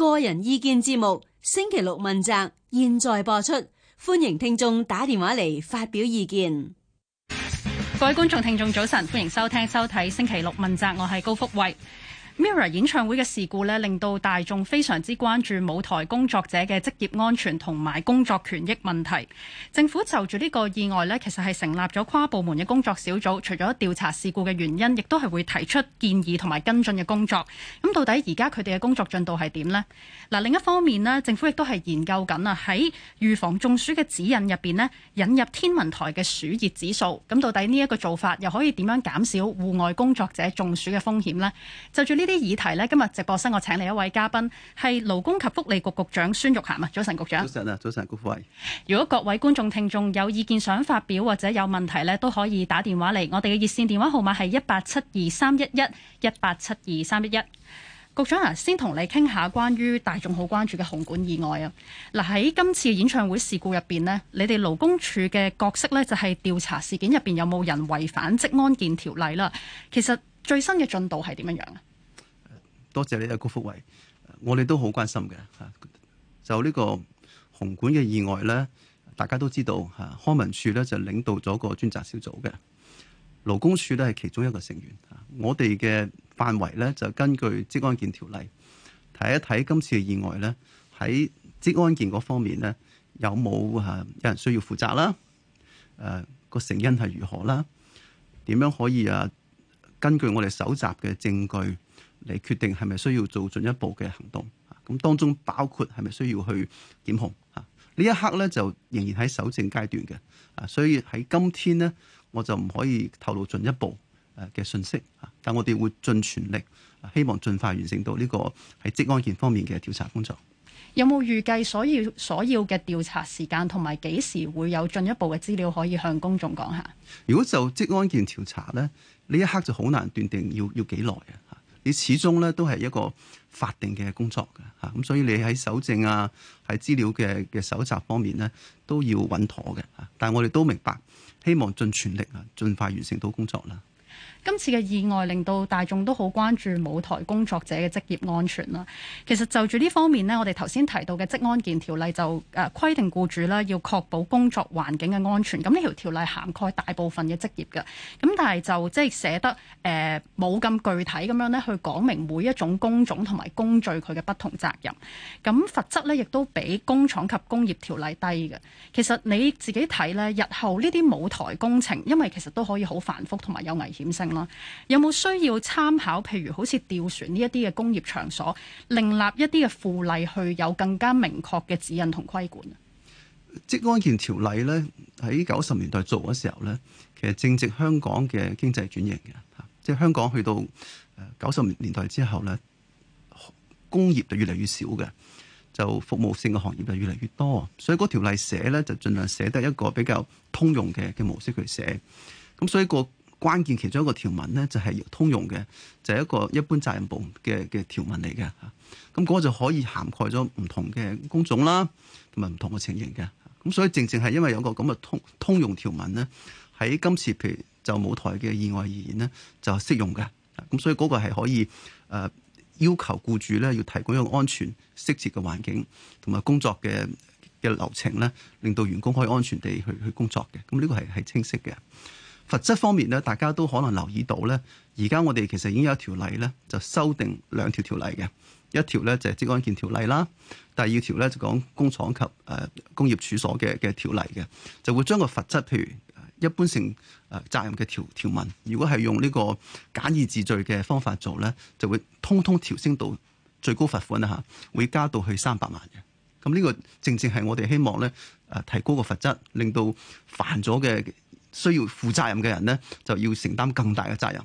個人意見節目星期六問責，現在播出，歡迎聽眾打電話嚟發表意見。各位觀眾聽眾早晨，歡迎收聽收睇星期六問責，我係高福慧。MIRROR 演唱會嘅事故呢，令到大眾非常之關注舞台工作者嘅職業安全同埋工作權益問題。政府就住呢個意外呢，其實係成立咗跨部門嘅工作小組，除咗調查事故嘅原因，亦都係會提出建議同埋跟進嘅工作。咁到底而家佢哋嘅工作進度係點呢？嗱，另一方面呢，政府亦都係研究緊啊，喺預防中暑嘅指引入邊，引入天文台嘅暑熱指數。咁到底呢一個做法又可以點樣減少戶外工作者中暑嘅風險呢？就住呢啲議題呢，今日直播室我請嚟一位嘉賓，係勞工及福利局局長孫玉菡啊。早晨，局長。早晨啊，早晨，各位。如果各位觀眾聽眾有意見想發表，或者有問題呢，都可以打電話嚟。我哋嘅熱線電話號碼係一八七二三一一一八七二三一一。局長啊，先同你傾下關於大眾好關注嘅紅館意外啊。嗱，喺今次演唱會事故入邊呢，你哋勞工處嘅角色呢，就係調查事件入邊有冇人違反職安健條例啦。其實最新嘅進度係點樣樣啊？多謝你阿谷福偉，我哋都好關心嘅嚇。就呢個紅館嘅意外咧，大家都知道嚇。康文署咧就領導咗個專責小組嘅，勞工署咧係其中一個成員。我哋嘅範圍咧就根據職安健條例，睇一睇今次嘅意外咧喺職安健嗰方面咧有冇嚇有，有人需要負責啦？誒個成因係如何啦？點樣可以啊？根據我哋搜集嘅證據，嚟決定係咪需要做進一步嘅行動，咁當中包括係咪需要去檢控。啊呢一刻咧就仍然喺搜證階段嘅，啊，所以喺今天呢，我就唔可以透露進一步誒嘅信息，但我哋會盡全力，希望盡快完成到呢個喺職安健方面嘅調查工作。有冇預計所要所要嘅調查時間，同埋幾時會有進一步嘅資料可以向公眾講下？如果就職安健調查咧，呢一刻就好難斷定要要幾耐啊？你始終咧都係一個法定嘅工作嘅嚇，咁所以你喺搜證啊，喺資料嘅嘅蒐集方面咧都要穩妥嘅嚇。但係我哋都明白，希望盡全力啊，盡快完成到工作啦。今次嘅意外令到大眾都好關注舞台工作者嘅職業安全啦。其實就住呢方面咧，我哋頭先提到嘅職安健條例就誒、呃、規定僱主啦要確保工作環境嘅安全。咁呢條條例涵蓋大部分嘅職業嘅，咁但係就即係寫得誒冇咁具體咁樣咧去講明每一種工種同埋工序佢嘅不同責任。咁罰則咧亦都比工廠及工業條例低嘅。其實你自己睇咧，日後呢啲舞台工程，因為其實都可以好繁複同埋有危險性。有冇需要參考？譬如好似吊船呢一啲嘅工業場所，另立一啲嘅附例，去有更加明確嘅指引同規管啊！職安健條例呢，喺九十年代做嘅時候呢，其實正值香港嘅經濟轉型嘅吓，即係香港去到誒九十年代之後呢，工業就越嚟越少嘅，就服務性嘅行業就越嚟越多，所以嗰條例寫呢，就盡量寫得一個比較通用嘅嘅模式去寫，咁所以個。關鍵其中一個條文咧，就係、是、通用嘅，就係、是、一個一般責任部嘅嘅條文嚟嘅。咁、那、嗰個就可以涵蓋咗唔同嘅工種啦，同埋唔同嘅情形嘅。咁所以正正係因為有個咁嘅通通用條文咧，喺今次譬如就舞台嘅意外而言咧，就適用嘅。咁所以嗰個係可以誒、呃、要求僱主咧，要提供一個安全、適切嘅環境同埋工作嘅嘅流程咧，令到員工可以安全地去去工作嘅。咁呢個係係清晰嘅。罰則方面咧，大家都可能留意到咧。而家我哋其實已經有一條例咧，就修訂兩條條例嘅，一條咧就係職安健條例啦，第二條咧就講工廠及誒工業處所嘅嘅條例嘅，就會將個罰則譬如一般性誒責任嘅條條文，如果係用呢個簡易治罪嘅方法做咧，就會通通調升到最高罰款啦嚇，會加到去三百萬嘅。咁呢個正正係我哋希望咧誒提高個罰則，令到犯咗嘅，需要負責任嘅人呢，就要承擔更大嘅責任，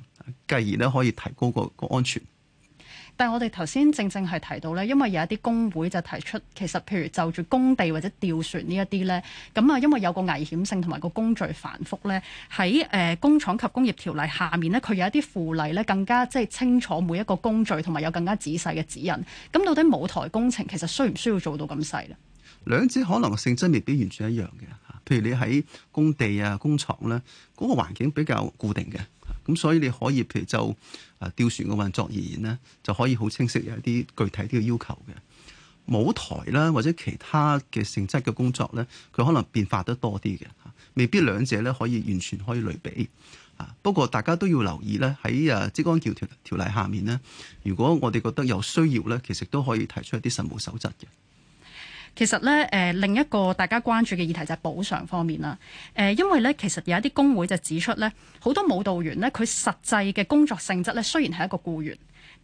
繼而呢可以提高個個安全。但係我哋頭先正正係提到呢，因為有一啲工會就提出，其實譬如就住工地或者吊船呢一啲呢，咁啊，因為有個危險性同埋個工序繁複呢，喺誒工廠及工業條例下面呢，佢有一啲附例呢，更加即係清楚每一個工序同埋有更加仔細嘅指引。咁到底舞台工程其實需唔需要做到咁細呢？兩者可能性質未必完全一樣嘅。譬如你喺工地啊、工廠咧，嗰、那個環境比較固定嘅，咁所以你可以譬如就啊吊船嘅運作而言咧，就可以好清晰有一啲具體啲嘅要求嘅。舞台啦或者其他嘅性質嘅工作咧，佢可能變化得多啲嘅，未必兩者咧可以完全可以類比。啊，不過大家都要留意咧，喺啊職安條例下面咧，如果我哋覺得有需要咧，其實都可以提出一啲實務守則嘅。其實咧，誒、呃、另一個大家關注嘅議題就係補償方面啦。誒、呃，因為咧，其實有一啲工會就指出咧，好多舞蹈員咧，佢實際嘅工作性質咧，雖然係一個僱員。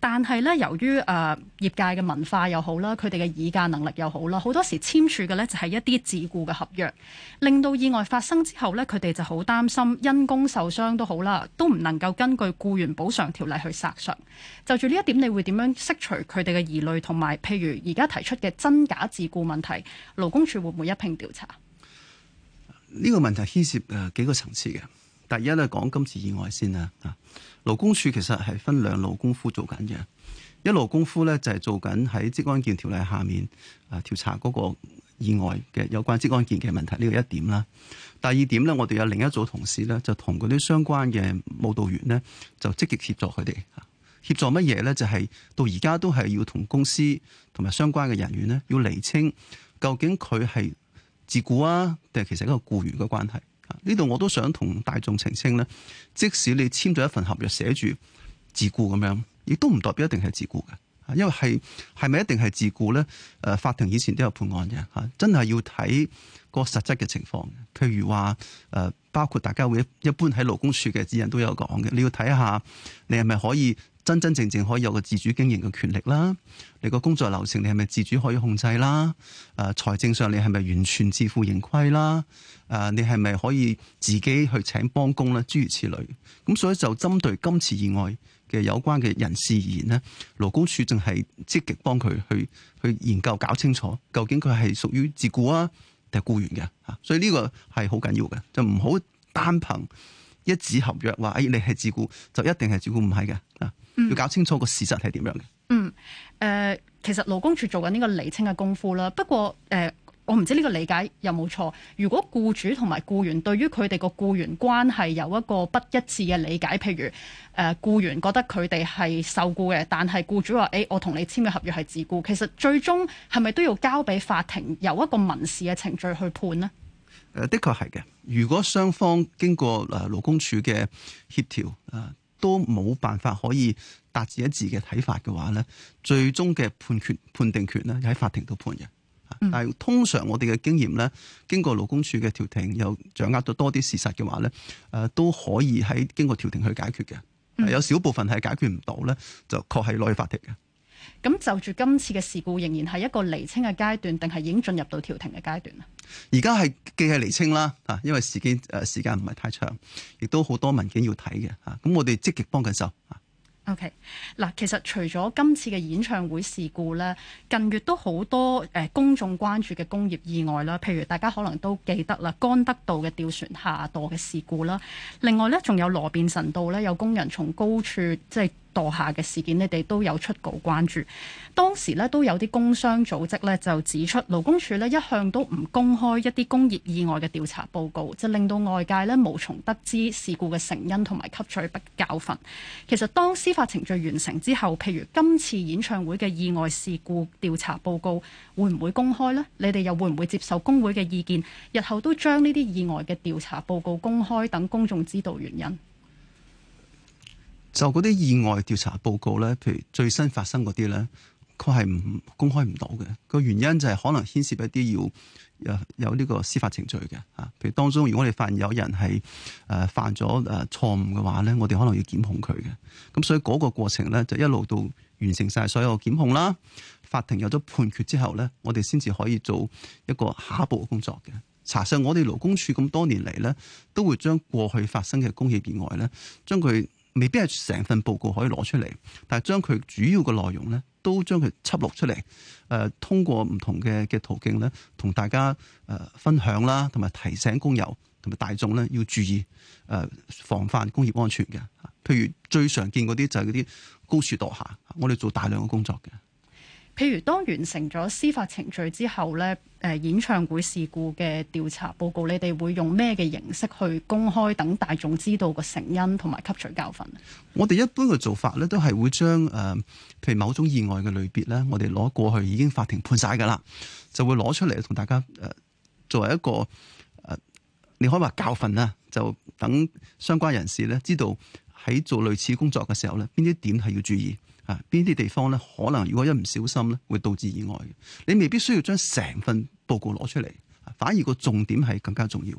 但係咧，由於誒、呃、業界嘅文化又好啦，佢哋嘅議價能力又好啦，好多時簽署嘅咧就係一啲自雇嘅合約，令到意外發生之後咧，佢哋就好擔心因公受傷都好啦，都唔能夠根據雇員補償條例去索償。就住呢一點，你會點樣釋除佢哋嘅疑慮？同埋，譬如而家提出嘅真假自雇問題，勞工處會唔會一並調查？呢、這個問題牽涉誒、呃、幾個層次嘅。第一咧，講今次意外先啦，啊勞工處其實係分兩路功夫做緊嘅，一路功夫咧就係做緊喺職安健條例下面啊調查嗰個意外嘅有關職安健嘅問題，呢個一點啦。第二點咧，我哋有另一組同事咧就同嗰啲相關嘅舞蹈員咧就積極協助佢哋。協助乜嘢咧？就係到而家都係要同公司同埋相關嘅人員咧，要釐清究竟佢係自雇啊，定係其實一個僱員嘅關係。呢度我都想同大眾澄清咧，即使你簽咗一份合約寫住自雇咁樣，亦都唔代表一定係自雇嘅，因為係係咪一定係自雇咧、誒？法庭以前都有判案嘅、嚇、真係要睇個實質嘅情況。譬如話、誒、包括大家會一般喺勞工處嘅指引都有講嘅，你要睇下你係咪可以。真真正正可以有個自主經營嘅權力啦，你個工作流程你係咪自主可以控制啦？誒，財政上你係咪完全自負盈虧啦？誒，你係咪可以自己去請幫工啦？諸如此類。咁所以就針對今次意外嘅有關嘅人士而言呢，勞工處正係積極幫佢去去研究搞清楚，究竟佢係屬於自雇啊定係雇員嘅吓。所以呢個係好緊要嘅，就唔好單憑一紙合約話，誒，你係自雇就一定係自雇唔係嘅。嗯、要搞清楚個事實係點樣嘅？嗯，誒、呃，其實勞工處做緊呢個釐清嘅功夫啦。不過，誒、呃，我唔知呢個理解有冇錯。如果雇主同埋雇員對於佢哋個雇員關係有一個不一致嘅理解，譬如誒雇、呃、員覺得佢哋係受雇嘅，但係雇主話：誒、欸，我同你簽嘅合約係自雇。其實最終係咪都要交俾法庭由一個民事嘅程序去判呢？誒、呃，的確係嘅。如果雙方經過誒勞工處嘅協調，誒、呃。都冇辦法可以達至一致嘅睇法嘅話咧，最終嘅判決判定權咧，喺法庭度判嘅。但係通常我哋嘅經驗咧，經過勞工處嘅調停，又掌握咗多啲事實嘅話咧，誒、呃、都可以喺經過調停去解決嘅。有少部分係解決唔到咧，就確係攞去法庭嘅。咁就住今次嘅事故仍然係一個釐清嘅階段，定係已經進入到調停嘅階段啊？而家係既係釐清啦，因為時間誒時間唔係太長，亦都好多文件要睇嘅嚇。咁、啊、我哋積極幫緊手 O K，嗱，okay, 其實除咗今次嘅演唱會事故咧，近月都好多公眾關注嘅工業意外啦，譬如大家可能都記得啦，干德道嘅吊船下墮嘅事故啦，另外咧仲有羅便臣道咧有工人從高處即係。就是墮下嘅事件，你哋都有出稿關注。當時咧都有啲工商組織咧就指出，勞工處咧一向都唔公開一啲工業意外嘅調查報告，就令到外界咧無從得知事故嘅成因同埋吸取不教訓。其實當司法程序完成之後，譬如今次演唱會嘅意外事故調查報告會唔會公開呢？你哋又會唔會接受工會嘅意見，日後都將呢啲意外嘅調查報告公開，等公眾知道原因？就嗰啲意外調查報告咧，譬如最新發生嗰啲咧，佢係唔公開唔到嘅。個原因就係可能牽涉一啲要、呃、有有呢個司法程序嘅吓。譬如當中，如果我哋發現有人係、呃、犯咗誒錯誤嘅話咧，我哋可能要檢控佢嘅。咁所以嗰個過程咧，就一路到完成晒所有檢控啦。法庭有咗判決之後咧，我哋先至可以做一個下一步嘅工作嘅查實。我哋勞工處咁多年嚟咧，都會將過去發生嘅工業意外咧，將佢，未必係成份報告可以攞出嚟，但係將佢主要嘅內容咧，都將佢輯錄出嚟，呃、通過唔同嘅嘅途徑咧，同大家呃分享啦，同埋提醒工友同埋大眾咧要注意、呃、防範工業安全嘅。譬如最常見嗰啲就係嗰啲高處墮下，我哋做大量嘅工作嘅。譬如當完成咗司法程序之後咧，誒演唱會事故嘅調查報告，你哋會用咩嘅形式去公開，等大眾知道個成因同埋吸取教訓？我哋一般嘅做法咧，都係會將誒，譬如某種意外嘅類別咧，我哋攞過去已經法庭判晒噶啦，就會攞出嚟同大家誒、呃，作為一個誒、呃，你可以話教訓啊，就等相關人士咧知道喺做類似工作嘅時候咧，邊啲點係要注意。邊啲地方咧，可能如果一唔小心咧，會導致意外嘅。你未必需要將成份報告攞出嚟，反而個重點係更加重要。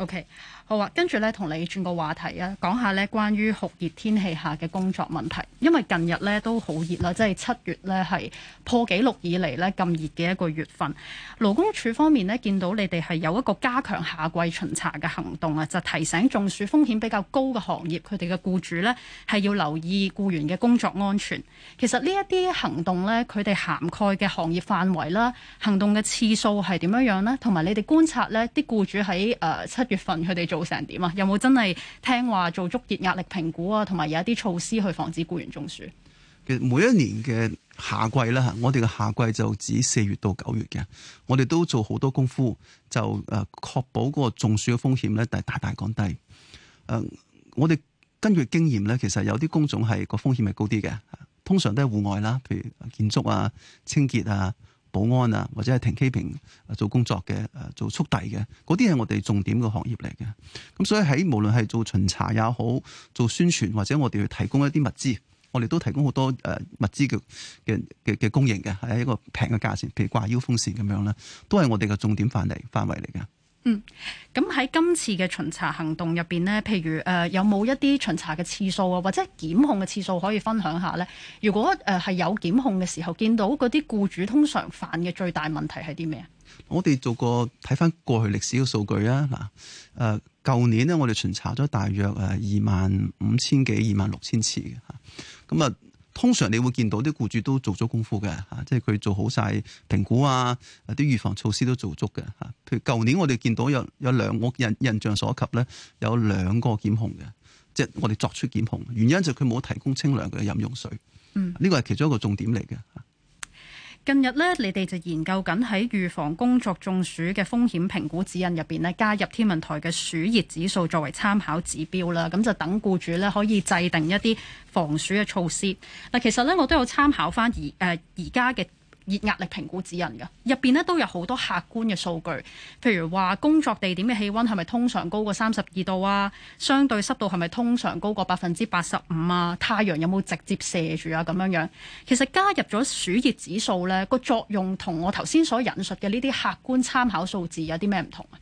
OK，好啊，跟住咧，同你轉個話題啊，講下呢，關於酷熱天氣下嘅工作問題。因為近日呢，都好熱啦，即係七月呢，係破紀錄以嚟呢咁熱嘅一個月份。勞工處方面呢，見到你哋係有一個加強夏季巡查嘅行動啊，就提醒中暑風險比較高嘅行業佢哋嘅僱主呢，係要留意僱員嘅工作安全。其實呢一啲行動呢，佢哋涵蓋嘅行業範圍啦，行動嘅次數係點樣樣呢？同埋你哋觀察呢啲僱主喺誒七，呃月份佢哋做成點啊？有冇真係聽話做足熱壓力評估啊？同埋有一啲措施去防止僱員中暑。其實每一年嘅夏季啦，我哋嘅夏季就指四月到九月嘅，我哋都做好多功夫，就誒，確保個中暑嘅風險咧，係大大降低。誒，我哋根據經驗咧，其實有啲工種係個風險係高啲嘅，通常都係戶外啦，譬如建築啊、清潔啊。保安啊，或者係停機坪做工作嘅，做速遞嘅，嗰啲係我哋重點嘅行業嚟嘅。咁所以喺無論係做巡查也好，做宣傳或者我哋要提供一啲物資，我哋都提供好多誒物資嘅嘅嘅嘅供應嘅，係一個平嘅價錢，譬如掛腰風扇咁樣啦，都係我哋嘅重點範圍範圍嚟嘅。嗯，咁喺今次嘅巡查行動入邊呢，譬如誒、呃，有冇一啲巡查嘅次數啊，或者檢控嘅次數可以分享一下咧？如果誒係、呃、有檢控嘅時候，見到嗰啲僱主通常犯嘅最大問題係啲咩啊？我哋做過睇翻過去歷史嘅數據啊，嗱、呃，誒，舊年呢，我哋巡查咗大約誒二萬五千幾、二萬六千次嘅吓，咁、嗯、啊。嗯通常你會見到啲僱主都做足功夫嘅吓，即係佢做好晒評估啊，啲預防措施都做足嘅吓。譬如舊年我哋見到有有兩，我印印象所及咧有兩個檢控嘅，即係我哋作出檢控，原因就係佢冇提供清涼嘅飲用水。嗯，呢個係其中一個重點嚟嘅。近日呢，你哋就研究緊喺預防工作中暑嘅風險評估指引入邊呢，加入天文台嘅暑熱指數作為參考指標啦。咁就等僱主呢可以制定一啲防暑嘅措施。嗱，其實呢，我都有參考翻，而誒而家嘅。呃熱壓力評估指引嘅入邊呢都有好多客觀嘅數據，譬如話工作地點嘅氣溫係咪通常高過三十二度啊，相對濕度係咪通常高過百分之八十五啊，太陽有冇直接射住啊咁樣樣。其實加入咗暑熱指數呢個作用同我頭先所引述嘅呢啲客觀參考數字有啲咩唔同啊？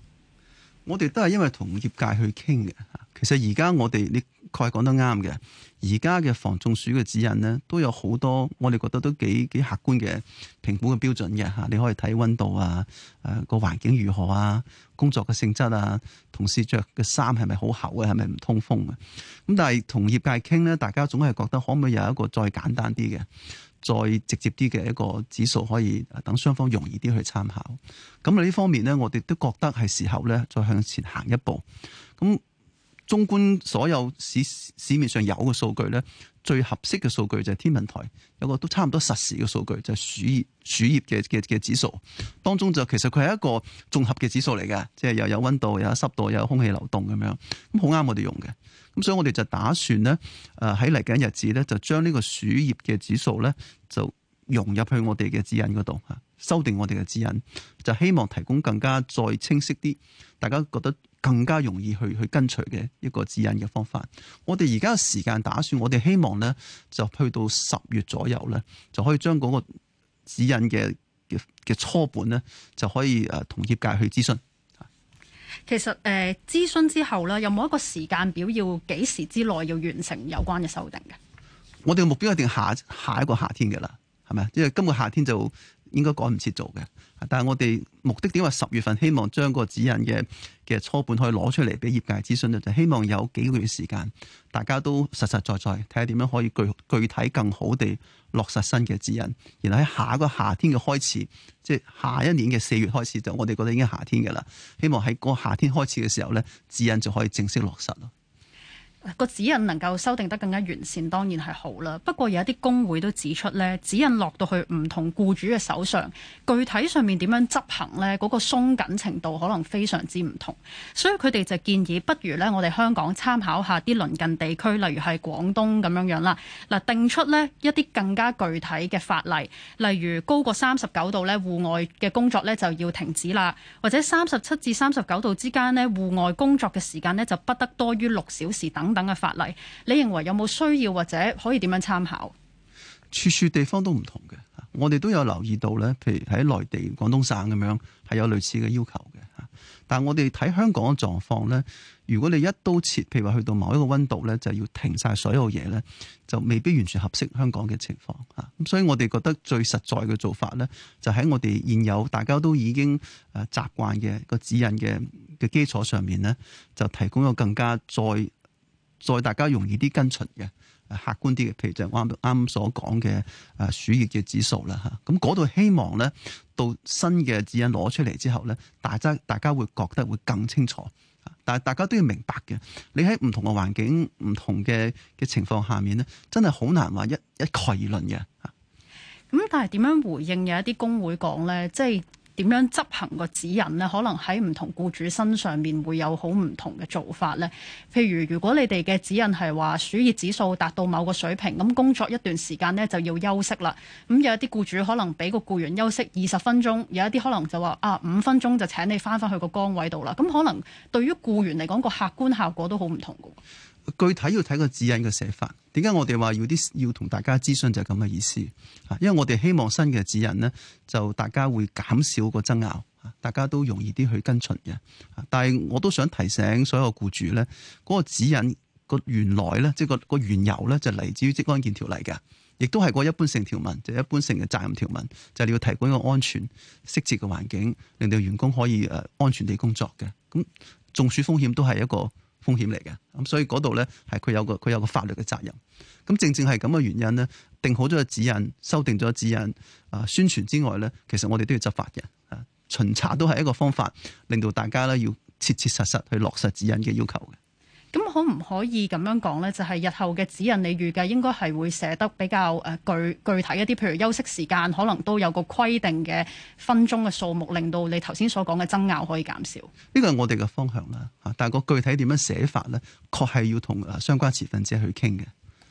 我哋都係因為同業界去傾嘅，其實而家我哋你確係講得啱嘅。而家嘅防中暑嘅指引咧，都有好多我哋覺得都幾幾客觀嘅評估嘅標準嘅吓。你可以睇溫度啊，誒、呃、個環境如何啊，工作嘅性質啊，同事着嘅衫係咪好厚啊，係咪唔通風啊？咁但係同業界傾咧，大家總係覺得可唔可以有一個再簡單啲嘅、再直接啲嘅一個指數可以等雙方容易啲去參考。咁喺呢方面咧，我哋都覺得係時候咧，再向前行一步。咁綜觀所有市市面上有嘅數據咧，最合適嘅數據就係天文台有個都差唔多實時嘅數據，就係暑熱暑熱嘅嘅嘅指數。當中就其實佢係一個綜合嘅指數嚟嘅，即係又有溫度，又有濕度，又有空氣流動咁樣。咁好啱我哋用嘅。咁所以我哋就打算咧，誒喺嚟緊日子咧，就將呢個暑熱嘅指數咧，就融入去我哋嘅指引嗰度，修訂我哋嘅指引，就希望提供更加再清晰啲，大家覺得，更加容易去去跟隨嘅一個指引嘅方法。我哋而家嘅時間打算，我哋希望咧就去到十月左右咧，就可以將嗰個指引嘅嘅嘅初本咧就可以誒、啊、同業界去諮詢。其實誒諮詢之後咧，有冇一個時間表要幾時之內要完成有關嘅修訂嘅？我哋嘅目標一定下下一個夏天嘅啦，係咪？即係今個夏天就。應該趕唔切做嘅，但係我哋目的點解十月份希望將個指引嘅，初本可以攞出嚟俾業界諮詢就就是、希望有幾個月時間，大家都實實在在睇下點樣可以具具體更好地落實新嘅指引，然後喺下一個夏天嘅開始，即、就、係、是、下一年嘅四月開始就我哋覺得已經是夏天嘅啦，希望喺個夏天開始嘅時候咧，指引就可以正式落實。個指引能夠修訂得更加完善，當然係好啦。不過有一啲工會都指出咧，指引落到去唔同僱主嘅手上，具體上面點樣執行咧，嗰個鬆緊程度可能非常之唔同。所以佢哋就建議，不如咧我哋香港參考下啲鄰近地區，例如係廣東咁樣樣啦。嗱，定出呢一啲更加具體嘅法例，例如高過三十九度咧，戶外嘅工作咧就要停止啦，或者三十七至三十九度之間呢戶外工作嘅時間呢，就不得多於六小時等等。等嘅法例，你認為有冇需要或者可以點樣參考？處處地方都唔同嘅，我哋都有留意到咧。譬如喺內地廣東省咁樣，係有類似嘅要求嘅。但係我哋睇香港嘅狀況咧，如果你一刀切，譬如話去到某一個溫度咧，就要停晒所有嘢咧，就未必完全合適香港嘅情況。咁所以我哋覺得最實在嘅做法咧，就喺我哋現有大家都已經誒習慣嘅個指引嘅嘅基礎上面咧，就提供咗更加再。再大家容易啲跟隨嘅，客觀啲嘅，譬如就我啱啱所講嘅誒暑熱嘅指數啦嚇，咁嗰度希望咧，到新嘅指引攞出嚟之後咧，大家大家會覺得會更清楚，但係大家都要明白嘅，你喺唔同嘅環境、唔同嘅嘅情況下面咧，真係好難話一一概而論嘅嚇。咁但係點樣回應有一啲工會講咧，即係。點樣執行個指引呢？可能喺唔同僱主身上面會有好唔同嘅做法呢。譬如，如果你哋嘅指引係話暑熱指數達到某個水平，咁工作一段時間呢就要休息啦。咁有一啲僱主可能俾個僱員休息二十分鐘，有一啲可能就話啊五分鐘就請你翻返去個崗位度啦。咁可能對於僱員嚟講個客觀效果都好唔同嘅。具體要睇個指引嘅寫法，點解我哋話要啲要同大家諮詢就係咁嘅意思，吓，因為我哋希望新嘅指引咧，就大家會減少個爭拗，吓，大家都容易啲去跟循嘅。但係我都想提醒所有僱主咧，嗰、嗰個指引原呢、就是、個原來咧，即係個個原由咧，就嚟自於職安健條例嘅，亦都係個一般性條文，就係、一般性嘅責任條文，就你、是、要提供一個安全、適切嘅環境，令到員工可以誒安全地工作嘅。咁中暑風險都係一個。風險嚟嘅。咁所以嗰度咧係佢有個佢有個法律嘅責任，咁正正係咁嘅原因咧，定好咗個指引，修訂咗指引啊，宣傳之外咧，其實我哋都要執法嘅，巡查都係一個方法，令到大家咧要切切實實去落實指引嘅要求嘅。可唔可以咁樣講咧？就係日後嘅指引，你預計應該係會寫得比較誒具具體一啲，譬如休息時間可能都有個規定嘅分鐘嘅數目，令到你頭先所講嘅爭拗可以減少。呢個係我哋嘅方向啦，吓，但係個具體點樣寫法咧，確係要同誒相關持份者去傾嘅。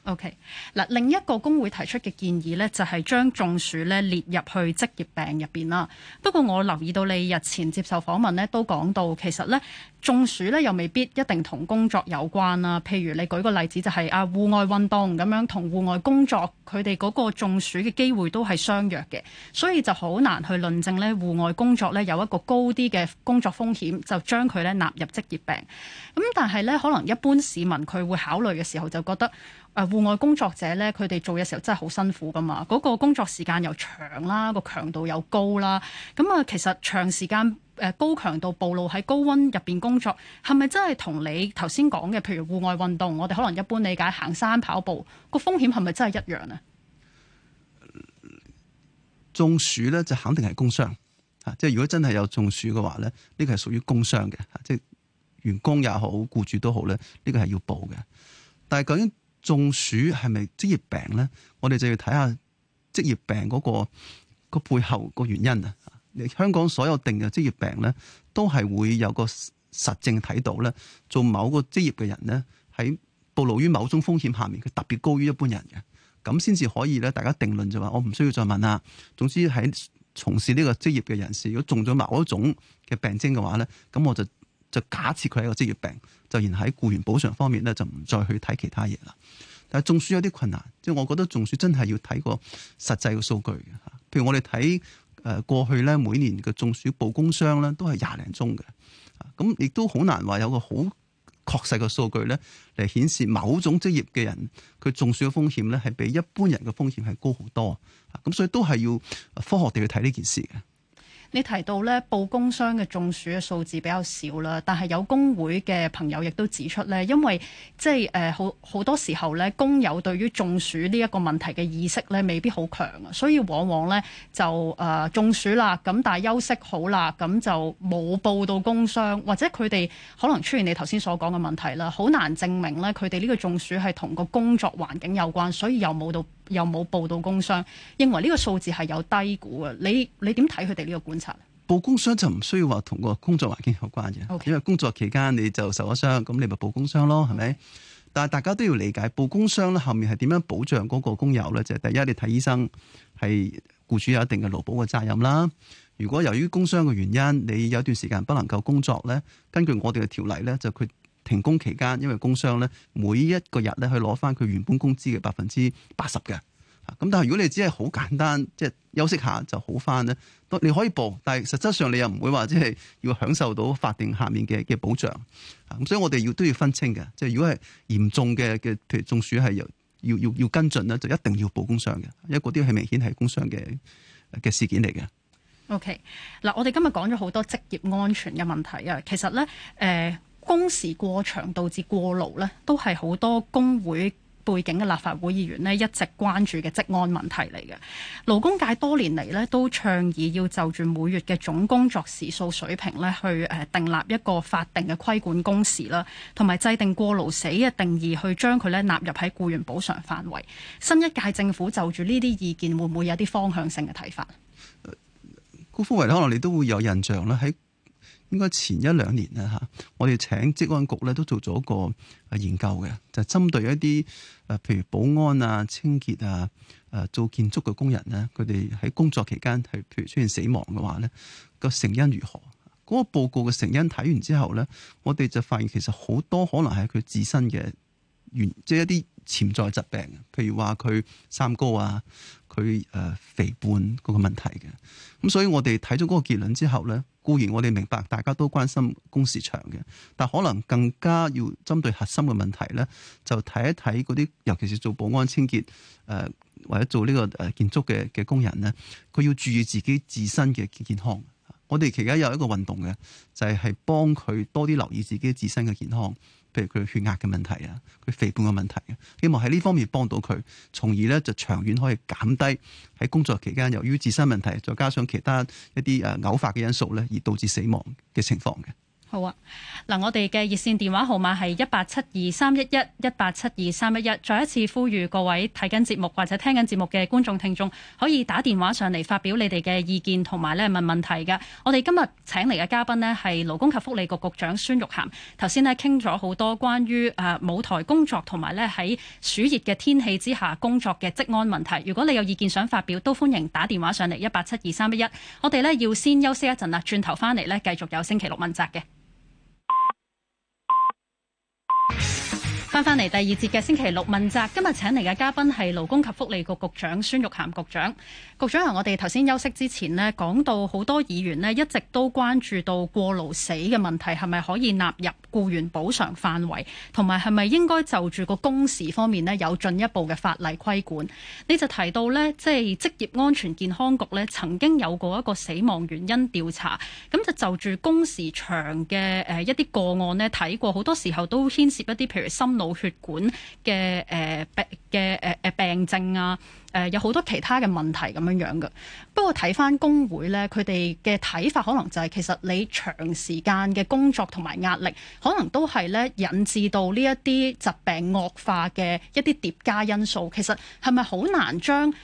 O.K. 嗱，另一個工會提出嘅建議呢，就係將中暑呢列入去職業病入邊啦。不過我留意到你日前接受訪問呢，都講到其實呢，中暑呢又未必一定同工作有關啦。譬如你舉個例子，就係啊戶外運動咁樣，同戶外工作佢哋嗰個中暑嘅機會都係相若嘅，所以就好難去論證呢戶外工作呢有一個高啲嘅工作風險，就將佢呢納入職業病。咁但係呢，可能一般市民佢會考慮嘅時候就覺得。誒戶外工作者咧，佢哋做嘢時候真係好辛苦㗎嘛，嗰個工作時間又長啦，個強度又高啦，咁啊，其實長時間誒高強度暴露喺高溫入邊工作，係咪真係同你頭先講嘅，譬如戶外運動，我哋可能一般理解行山跑步，個風險係咪真係一樣呢？中暑咧就肯定係工傷嚇，即係如果真係有中暑嘅話咧，呢個係屬於工傷嘅，即係員工也好，僱主都好咧，呢個係要報嘅。但係究竟，中暑係咪職業病咧？我哋就要睇下職業病嗰個個背後個原因啊！你香港所有定嘅職業病咧，都係會有個實證睇到咧。做某個職業嘅人咧，喺暴露於某種風險下面，佢特別高於一般人嘅，咁先至可以咧。大家定論就話，我唔需要再問啦。總之喺從事呢個職業嘅人士，如果中咗某一種嘅病徵嘅話咧，咁我就。就假設佢係一個職業病，就然喺僱員補償方面咧，就唔再去睇其他嘢啦。但係中暑有啲困難，即係我覺得中暑真係要睇個實際嘅數據吓。譬如我哋睇誒過去咧，每年嘅中暑報工傷咧，都係廿零宗嘅。咁亦都好難話有個好確實嘅數據咧嚟顯示某種職業嘅人佢中暑嘅風險咧係比一般人嘅風險係高好多。咁所以都係要科學地去睇呢件事嘅。你提到咧報工傷嘅中暑嘅數字比較少啦，但係有工會嘅朋友亦都指出咧，因為即係好好多時候咧，工友對於中暑呢一個問題嘅意識咧，未必好強，所以往往咧就、呃、中暑啦，咁但係休息好啦，咁就冇報到工傷，或者佢哋可能出現你頭先所講嘅問題啦，好難證明咧佢哋呢個中暑係同個工作環境有關，所以又冇到。又冇報到工傷？認為呢個數字係有低估啊？你你點睇佢哋呢個觀察？報工傷就唔需要話同個工作環境有關嘅，okay. 因為工作期間你就受咗傷，咁你咪報工傷咯，係、okay. 咪？但係大家都要理解報工傷咧，後面係點樣保障嗰個工友咧？就係、第一你睇醫生，係僱主有一定嘅勞保嘅責任啦。如果由於工傷嘅原因，你有段時間不能夠工作咧，根據我哋嘅條例咧，就佢。停工期間，因為工傷咧，每一個日咧，去攞翻佢原本工資嘅百分之八十嘅。咁但係如果你只係好簡單，即係休息下就好翻咧，你可以報，但係實質上你又唔會話即係要享受到法定下面嘅嘅保障。咁所以我哋要都要分清嘅。即係如果係嚴重嘅嘅，譬如中暑係要要要跟進咧，就一定要報工傷嘅，因為嗰啲係明顯係工傷嘅嘅事件嚟嘅。OK，嗱，我哋今日講咗好多職業安全嘅問題啊，其實咧，誒、呃。工時過長導致過勞呢都係好多工會背景嘅立法會議員呢一直關注嘅職安問題嚟嘅。勞工界多年嚟呢都倡議要就住每月嘅總工作時數水平呢去誒訂立一個法定嘅規管工時啦，同埋制定過勞死嘅定義去將佢呢納入喺僱員補償範圍。新一屆政府就住呢啲意見會唔會有啲方向性嘅睇法？辜夫維可能你都會有印象啦，喺。應該前一兩年咧嚇，我哋請職安局咧都做咗個研究嘅，就係、針對一啲誒，譬如保安啊、清潔啊、誒做建築嘅工人咧，佢哋喺工作期間係譬如出現死亡嘅話咧，個成因如何？嗰、嗰個報告嘅成因睇完之後咧，我哋就發現其實好多可能係佢自身嘅原，即、就、係、是、一啲潛在疾病，譬如話佢三高啊，佢誒肥胖嗰個問題嘅。咁所以我哋睇咗嗰個結論之後咧。固然我哋明白大家都關心工時長嘅，但可能更加要針對核心嘅問題咧，就睇一睇嗰啲，尤其是做保安清潔，誒、呃、或者做呢個誒建築嘅嘅工人咧，佢要注意自己自身嘅健康。我哋而家有一個運動嘅，就係、是、係幫佢多啲留意自己自身嘅健康。譬如佢血壓嘅問題啊，佢肥胖嘅問題啊，希望喺呢方面幫到佢，從而咧就長遠可以減低喺工作期間由於自身問題，再加上其他一啲誒偶發嘅因素咧，而導致死亡嘅情況嘅。好啊！嗱，我哋嘅熱線電話號碼係一八七二三一一一八七二三一一。再一次呼籲各位睇緊節目或者聽緊節目嘅觀眾聽眾，可以打電話上嚟發表你哋嘅意見同埋咧問問題嘅。我哋今日請嚟嘅嘉賓咧係勞工及福利局局、局長孫玉菡，頭先咧傾咗好多關於誒舞台工作同埋咧喺暑熱嘅天氣之下工作嘅職安問題。如果你有意見想發表，都歡迎打電話上嚟一八七二三一一。我哋咧要先休息一陣啊，轉頭翻嚟咧繼續有星期六問責嘅。翻返嚟第二節嘅星期六問責，今日請嚟嘅嘉賓係勞工及福利局局長孫玉菡局長。局長，我哋頭先休息之前呢，講到好多議員呢一直都關注到過勞死嘅問題，係咪可以納入僱員補償範圍，同埋係咪應該就住個工時方面呢有進一步嘅法例規管？你就提到呢，即係職業安全健康局呢曾經有過一個死亡原因調查，咁就就住工時長嘅一啲個案呢睇過，好多時候都牽涉一啲譬如心腦血管嘅呃病嘅呃呃病症啊，呃、有好多其他嘅問題咁。咁樣嘅，不過睇翻工會咧，佢哋嘅睇法可能就係、是，其實你長時間嘅工作同埋壓力，可能都係咧引致到呢一啲疾病惡化嘅一啲疊加因素。其實係咪好難將誒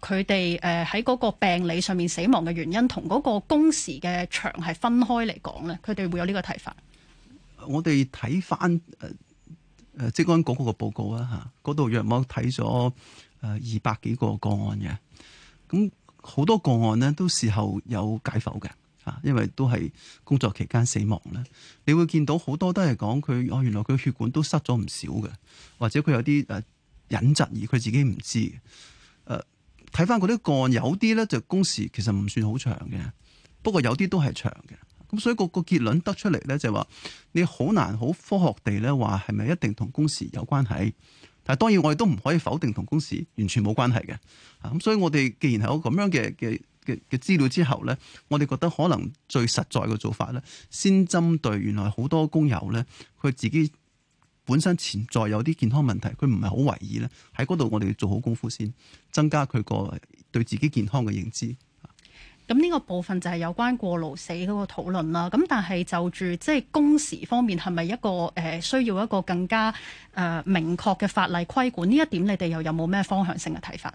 佢哋誒喺嗰個病理上面死亡嘅原因同嗰個工時嘅長係分開嚟講咧？佢哋會有呢個睇法？我哋睇翻誒誒，職安局嗰個報告啊，吓，嗰度約莫睇咗誒二百幾個個案嘅。咁好多個案咧，都事後有解剖嘅，啊，因為都係工作期間死亡咧。你會見到好多都係講佢，哦，原來佢血管都塞咗唔少嘅，或者佢有啲誒隱疾而佢自己唔知嘅。誒，睇翻嗰啲個案，有啲咧就工時其實唔算好長嘅，不過有啲都係長嘅。咁所以個個結論得出嚟咧，就話你好難好科學地咧話係咪一定同工時有關係。但係當然，我哋都唔可以否定同工時完全冇關係嘅。咁所以我哋既然有咁樣嘅嘅嘅嘅資料之後咧，我哋覺得可能最實在嘅做法咧，先針對原來好多工友咧，佢自己本身潛在有啲健康問題，佢唔係好懷疑咧，喺嗰度我哋要做好功夫先，增加佢個對自己健康嘅認知。咁、這、呢個部分就係有關過勞死嗰個討論啦。咁但係就住即係工時方面，係咪一個誒、呃、需要一個更加誒、呃、明確嘅法例規管呢一點？你哋又有冇咩方向性嘅睇法？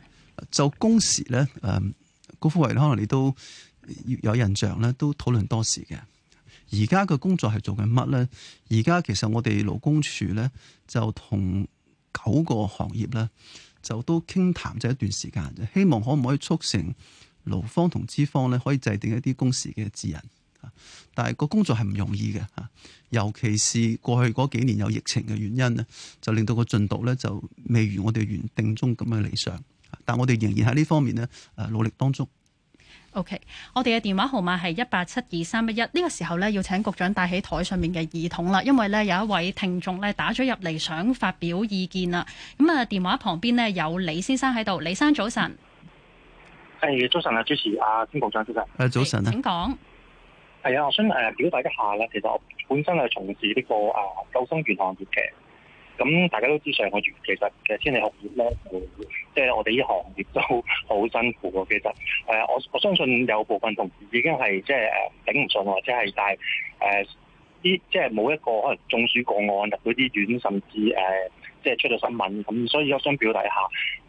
就工時咧，誒、嗯，高夫維可能你都有印象咧，都討論多時嘅。而家嘅工作係做緊乜咧？而家其實我哋勞工處咧就同九個行業咧就都傾談咗一段時間，希望可唔可以促成。勞方同資方咧可以制定一啲工時嘅指引，但係個工作係唔容易嘅，吓，尤其是過去嗰幾年有疫情嘅原因呢，就令到個進度呢就未如我哋原定中咁嘅理想。但我哋仍然喺呢方面呢，誒努力當中。OK，我哋嘅電話號碼係一八七二三一一。呢個時候呢，要請局長帶起台上面嘅耳筒啦，因為呢有一位聽眾呢打咗入嚟想發表意見啦。咁啊，電話旁邊呢，有李先生喺度，李生早晨。係早晨啊，主持阿天部長，先生。誒，早晨啊，點講。係啊，我想誒，表達一下啦。其實我本身係從事呢個誒救生員行業嘅。咁大家都知上個月其實嘅天氣行業咧，即、就、係、是、我哋呢行業都好辛苦其實誒，我我相信有部分同事已經係、呃、即係誒頂唔順，或者係但係誒啲即係冇一個可能中暑個案入到啲院，甚至誒、呃、即係出咗新聞咁。所以我想表達一下。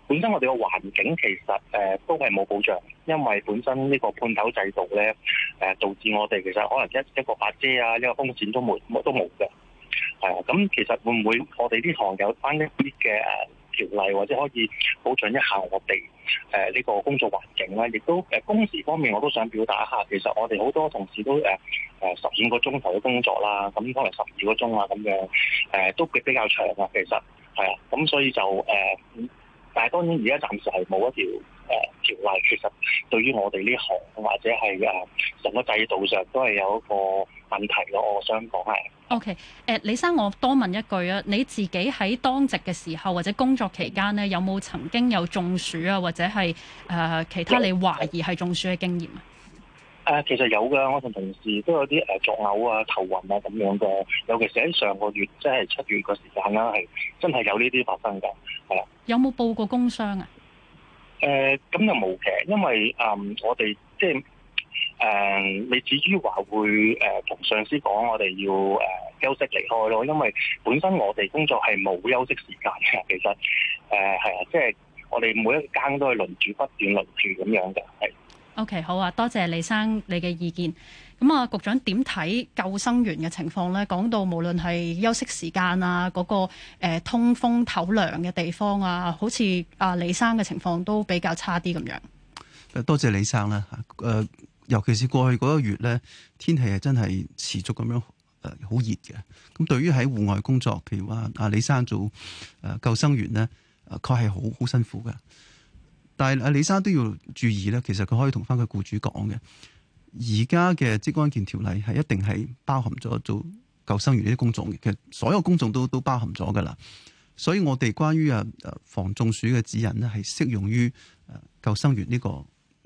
本身我哋嘅環境其實都係冇保障，因為本身呢個判頭制度咧，誒導致我哋其實可能一一個八遮啊，一個風扇都冇乜都冇嘅。係啊，咁其實會唔會我哋呢行有翻一啲嘅條例，或者可以保障一下我哋呢個工作環境咧？亦都誒工時方面，我都想表達一下，其實我哋好多同事都十五個鐘頭嘅工作啦，咁可能十二個鐘啊咁樣都比比較長啊。其實係啊，咁所以就但係當然，而家暫時係冇一條誒、呃、條例，其實對於我哋呢行或者係誒成個制度上都係有一個問題咯。我想講係。OK，誒李生，我多問一句啊，你自己喺當值嘅時候或者工作期間咧，有冇曾經有中暑啊，或者係誒、呃、其他你懷疑係中暑嘅經驗啊？誒，其實有噶，我同同事都有啲誒作嘔啊、頭暈啊咁樣嘅，尤其是喺上個月，即係七月嘅時間啦，係真係有呢啲發生噶，係啦。有冇報過工傷啊？誒，咁又冇嘅，因為誒我哋即係誒未至於話會誒同上司講，我哋要誒休息離開咯，因為本身我哋工作係冇休息時間嘅。其實誒係啊，即係我哋每一間都係輪住不斷輪住咁樣嘅，係。OK 好啊，多謝李生你嘅意見。咁啊，局長點睇救生員嘅情況咧？講到無論係休息時間啊，嗰、那個、呃、通風透涼嘅地方啊，好似啊李生嘅情況都比較差啲咁樣。多謝李生啦嚇。誒、呃，尤其是過去嗰個月咧，天氣係真係持續咁樣誒好、呃、熱嘅。咁對於喺戶外工作，譬如話啊李生做誒、呃、救生員咧，確係好好辛苦㗎。但係阿李生都要注意咧，其實佢可以同翻佢雇主講嘅。而家嘅職安健條例係一定係包含咗做救生員呢啲工種嘅，其實所有工種都都包含咗噶啦。所以我哋關於啊防中暑嘅指引咧，係適用於誒救生員呢個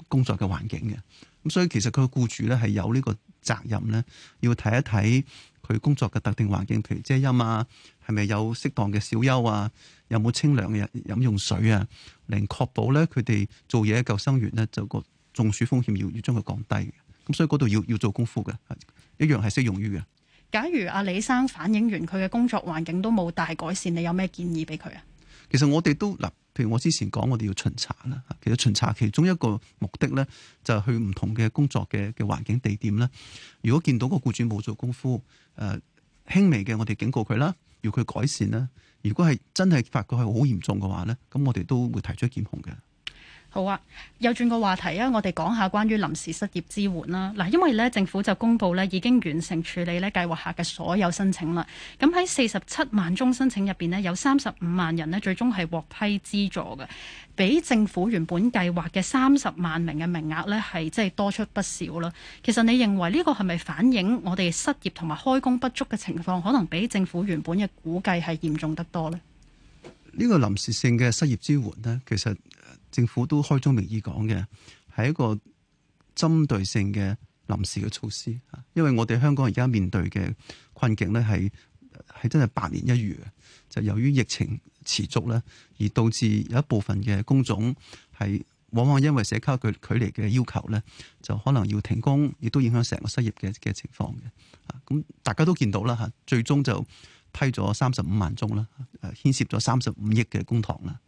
工作嘅環境嘅。咁所以其實佢僱主咧係有呢個責任咧，要睇一睇佢工作嘅特定環境，譬如遮陰啊，係咪有適當嘅小休啊？有冇清涼嘅飲用水啊？嚟確保咧，佢哋做嘢救生員咧，就個中暑風險要要將佢降低。咁所以嗰度要要做功夫嘅，一樣係適用於嘅。假如阿李生反映完佢嘅工作環境都冇大改善，你有咩建議俾佢啊？其實我哋都嗱，譬如我之前講，我哋要巡查啦。其實巡查其中一個目的咧，就係去唔同嘅工作嘅嘅環境地點啦。如果見到個僱主冇做功夫，誒輕微嘅，我哋警告佢啦，要佢改善啦。如果係真係發覺係好嚴重嘅話咧，咁我哋都會提出檢控嘅。好啊，又轉個話題啊！我哋講下關於臨時失業支援啦。嗱，因為咧政府就公布咧已經完成處理咧計劃下嘅所有申請啦。咁喺四十七萬宗申請入邊呢，有三十五萬人呢最終係獲批資助嘅，比政府原本計劃嘅三十萬名嘅名額呢，係即係多出不少啦。其實你認為呢個係咪反映我哋失業同埋開工不足嘅情況，可能比政府原本嘅估計係嚴重得多呢？呢個臨時性嘅失業支援呢，其實。政府都開宗明義講嘅，係一個針對性嘅臨時嘅措施，因為我哋香港而家面對嘅困境咧，係係真係百年一遇嘅，就由於疫情持續咧，而導致有一部分嘅工種係往往因為社交距距離嘅要求咧，就可能要停工，亦都影響成個失業嘅嘅情況嘅。咁大家都見到啦，嚇，最終就批咗三十五萬宗啦，誒，牽涉咗三十五億嘅公帑啦。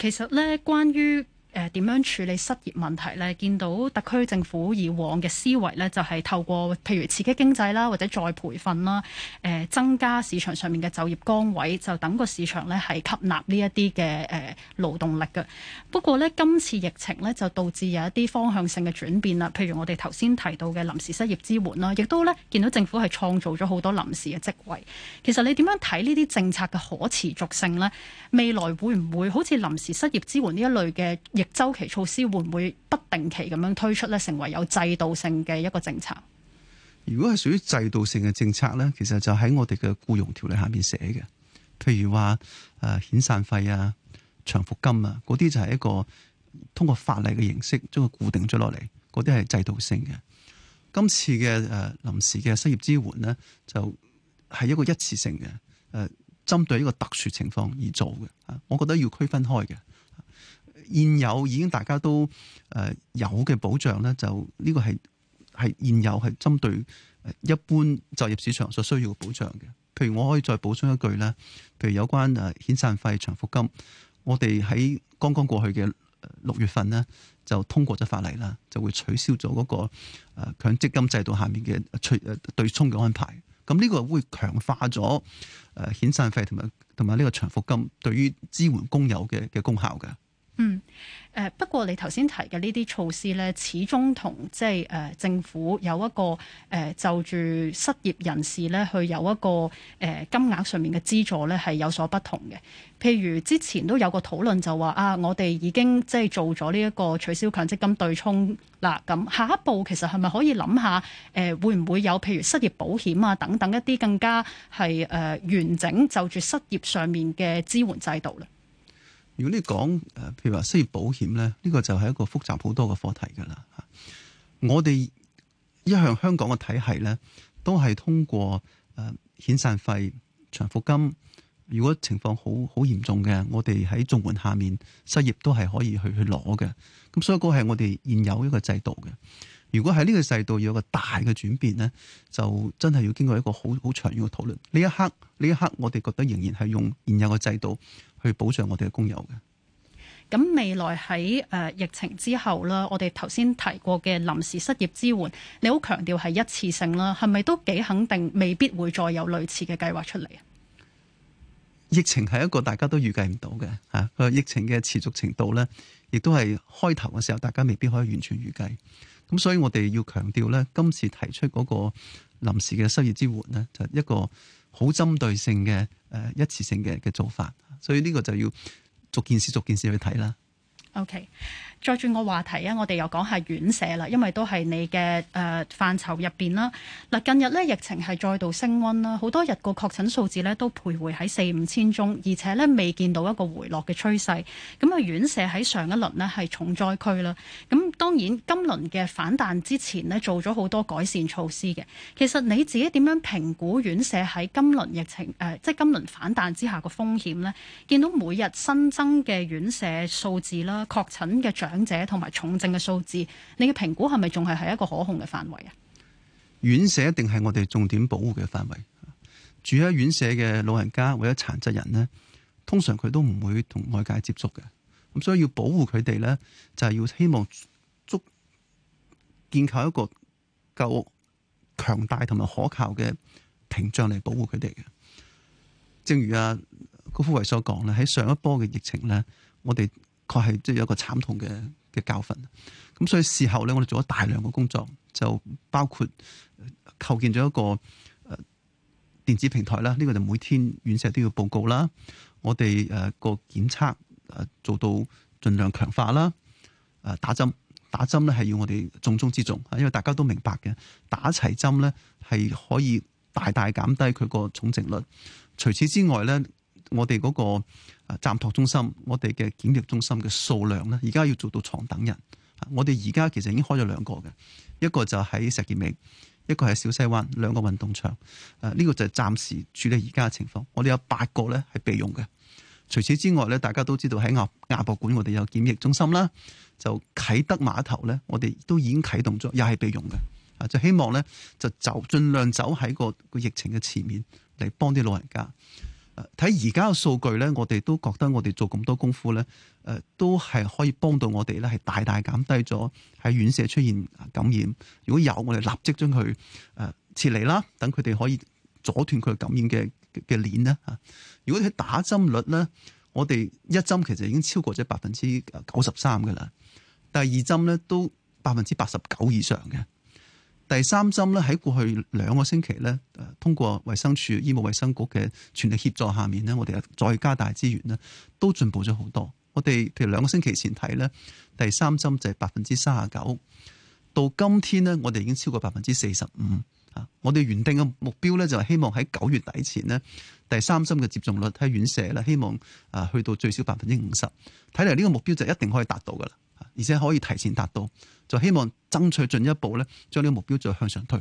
其實咧，關於。誒、呃、點樣處理失業問題呢？見到特區政府以往嘅思維呢就係、係、透過譬如刺激經濟啦，或者再培訓啦，誒、呃、增加市場上面嘅就業崗位，就等個市場呢係吸納呢一啲嘅誒勞動力嘅。不過呢，今次疫情呢，就導致有一啲方向性嘅轉變啦。譬如我哋頭先提到嘅臨時失業支援啦，亦都呢見到政府係創造咗好多臨時嘅職位。其實你點樣睇呢啲政策嘅可持續性呢？未來會唔會好似臨時失業支援呢一類嘅？逆周期措施會唔會不定期咁樣推出咧？成為有制度性嘅一個政策？如果係屬於制度性嘅政策咧，其實就喺我哋嘅僱傭條例下面寫嘅。譬如話誒遣散費啊、長服金啊，嗰啲就係一個通過法例嘅形式將佢固定咗落嚟，嗰啲係制度性嘅。今次嘅誒、呃、臨時嘅失業支援咧，就係、是、一個一次性嘅誒、呃，針對一個特殊情況而做嘅。啊，我覺得要區分開嘅。現有已經大家都誒有嘅保障咧，就呢個係係現有係針對一般就業市場所需要嘅保障嘅。譬如我可以再補充一句咧，譬如有關誒遣散費、長服金，我哋喺剛剛過去嘅六月份咧就通過咗法例啦，就會取消咗嗰個誒強積金制度下面嘅對沖嘅安排。咁、這、呢個會強化咗誒遣散費同埋同埋呢個長服金對於支援工友嘅嘅功效嘅。嗯，誒，不過你頭先提嘅呢啲措施咧，始終同即係誒政府有一個誒、呃、就住失業人士咧去有一個誒、呃、金額上面嘅資助咧係有所不同嘅。譬如之前都有個討論就話啊，我哋已經即係、呃、做咗呢一個取消強積金對沖啦，咁下一步其實係咪可以諗下誒會唔會有譬如失業保險啊等等一啲更加係誒、呃、完整就住失業上面嘅支援制度咧？如果你講誒，譬如話失業保險咧，呢、呢個就係一個複雜好多嘅課題㗎啦。我哋一向香港嘅體系咧，都係通過誒遣散費、長服金。如果情況好好嚴重嘅，我哋喺綜援下面失業都係可以去去攞嘅。咁所以嗰係我哋現有一個制度嘅。如果喺呢個制度有一個大嘅轉變呢，就真係要經過一個好好長遠嘅討論。呢一刻，呢一刻，我哋覺得仍然係用現有嘅制度去保障我哋嘅工友嘅。咁未來喺誒、呃、疫情之後啦，我哋頭先提過嘅臨時失業支援，你好強調係一次性啦，係咪都幾肯定未必會再有類似嘅計劃出嚟啊？疫情係一個大家都預計唔到嘅吓，疫情嘅持續程度咧，亦都係開頭嘅時候，大家未必可以完全預計。咁所以我哋要強調咧，今次提出嗰個臨時嘅失業支援咧，就係一個好針對性嘅誒一次性嘅嘅做法，所以呢個就要逐件事逐件事去睇啦。OK。再轉個話題啊，我哋又講下院舍啦，因為都係你嘅誒範疇入邊啦。嗱、呃，近日呢疫情係再度升溫啦，好多日個確診數字呢都徘徊喺四五千宗，而且呢未見到一個回落嘅趨勢。咁啊，院舍喺上一輪呢係重災區啦。咁當然今輪嘅反彈之前呢做咗好多改善措施嘅。其實你自己點樣評估院舍喺今輪疫情，呃、即係今輪反彈之下個風險呢？見到每日新增嘅院舍數字啦，確診嘅長者同埋重症嘅數字，你嘅評估係咪仲係喺一個可控嘅範圍啊？院舍一定係我哋重點保護嘅範圍。住喺院舍嘅老人家或者殘疾人咧，通常佢都唔會同外界接觸嘅。咁所以要保護佢哋咧，就係要希望足建構一個夠強大同埋可靠嘅屏障嚟保護佢哋嘅。正如阿高富偉所講咧，喺上一波嘅疫情咧，我哋。確係即係有一個慘痛嘅嘅教訓，咁所以事後咧，我哋做咗大量嘅工作，就包括構建咗一個誒電子平台啦，呢、這個就每天院舍都要報告啦。我哋誒個檢測誒做到盡量強化啦。誒打針打針咧係要我哋重中之重，因為大家都明白嘅，打齊針咧係可以大大減低佢個重症率。除此之外咧。我哋嗰個暫托中心，我哋嘅檢疫中心嘅數量咧，而家要做到床等人。我哋而家其實已經開咗兩個嘅，一個就喺石硤尾，一個係小西灣兩個運動場。誒，呢個就係暫時處理而家嘅情況。我哋有八個咧係備用嘅。除此之外咧，大家都知道喺亞亞博館，我哋有檢疫中心啦。就啟德碼頭咧，我哋都已經啟動咗，又係備用嘅。啊，就希望咧就走，盡量走喺個個疫情嘅前面，嚟幫啲老人家。睇而家嘅數據咧，我哋都覺得我哋做咁多功夫咧，誒、呃、都係可以幫到我哋咧，係大大減低咗喺院舍出現感染。如果有，我哋立即將佢誒撤離啦，等佢哋可以阻斷佢嘅感染嘅嘅鏈咧嚇。如果喺打針率咧，我哋一針其實已經超過咗百分之九十三㗎喇，第二針咧都百分之八十九以上嘅。第三針咧喺過去兩個星期咧，通過衛生署、醫務衛生局嘅全力協助下面咧，我哋又再加大資源咧，都進步咗好多。我哋譬如兩個星期前睇咧，第三針就係百分之三十九，到今天咧，我哋已經超過百分之四十五啊！我哋原定嘅目標咧就係希望喺九月底前咧，第三針嘅接種率喺院舍啦，希望啊去到最少百分之五十。睇嚟呢個目標就一定可以達到噶啦，而且可以提前達到。就希望爭取進一步咧，將呢個目標再向上推。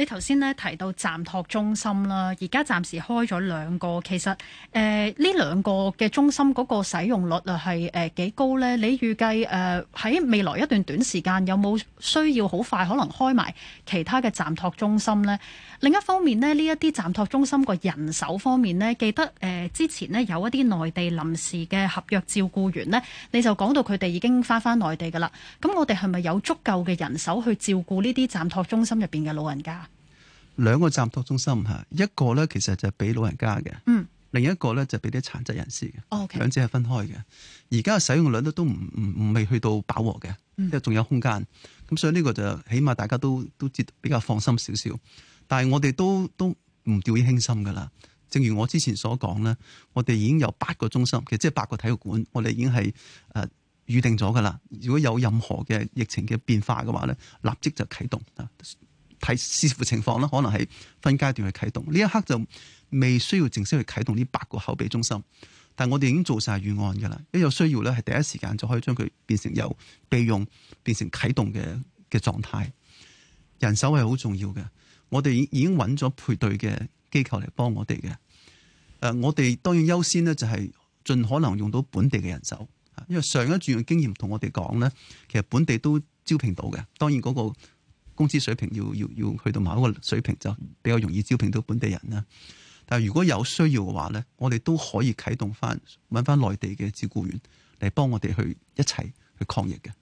你頭先咧提到暫托中心啦，而家暫時開咗兩個，其實誒呢兩個嘅中心嗰個使用率啊係誒幾高呢？你預計誒喺未來一段短時間有冇需要好快可能開埋其他嘅暫托中心呢？另一方面呢，呢一啲暫托中心個人手方面呢，記得誒、呃、之前呢有一啲內地臨時嘅合約照顧員呢，你就講到佢哋已經返返內地㗎喇。咁我哋係咪有足夠嘅人手去照顧呢啲暫托中心入面嘅老人家？兩個暫託中心嚇，一個咧其實就俾老人家嘅、嗯，另一個咧就俾啲殘疾人士嘅、嗯，兩者係分開嘅。而家嘅使用率都都唔唔唔未去到飽和嘅，因為仲有空間。咁所以呢個就起碼大家都都知比較放心少少。但係我哋都都唔掉以輕心㗎啦。正如我之前所講咧，我哋已經有八個中心，其實即係八個體育館，我哋已經係誒、呃、預定咗㗎啦。如果有任何嘅疫情嘅變化嘅話咧，立即就啟動啊！睇視乎情況啦，可能係分階段去啟動。呢一刻就未需要正式去啟動呢八個口鼻中心，但係我哋已經做晒預案㗎啦。一有需要咧，係第一時間就可以將佢變成由備用變成啟動嘅嘅狀態。人手係好重要嘅，我哋已經揾咗配對嘅機構嚟幫我哋嘅。呃，我哋當然優先呢，就係盡可能用到本地嘅人手，因為上一轉嘅經驗同我哋講咧，其實本地都招聘到嘅。當然嗰個，工資水平要要要去到某一個水平就比較容易招聘到本地人啦。但係如果有需要嘅話咧，我哋都可以啟動翻，揾翻內地嘅照顧員嚟幫我哋去一齊去抗疫嘅。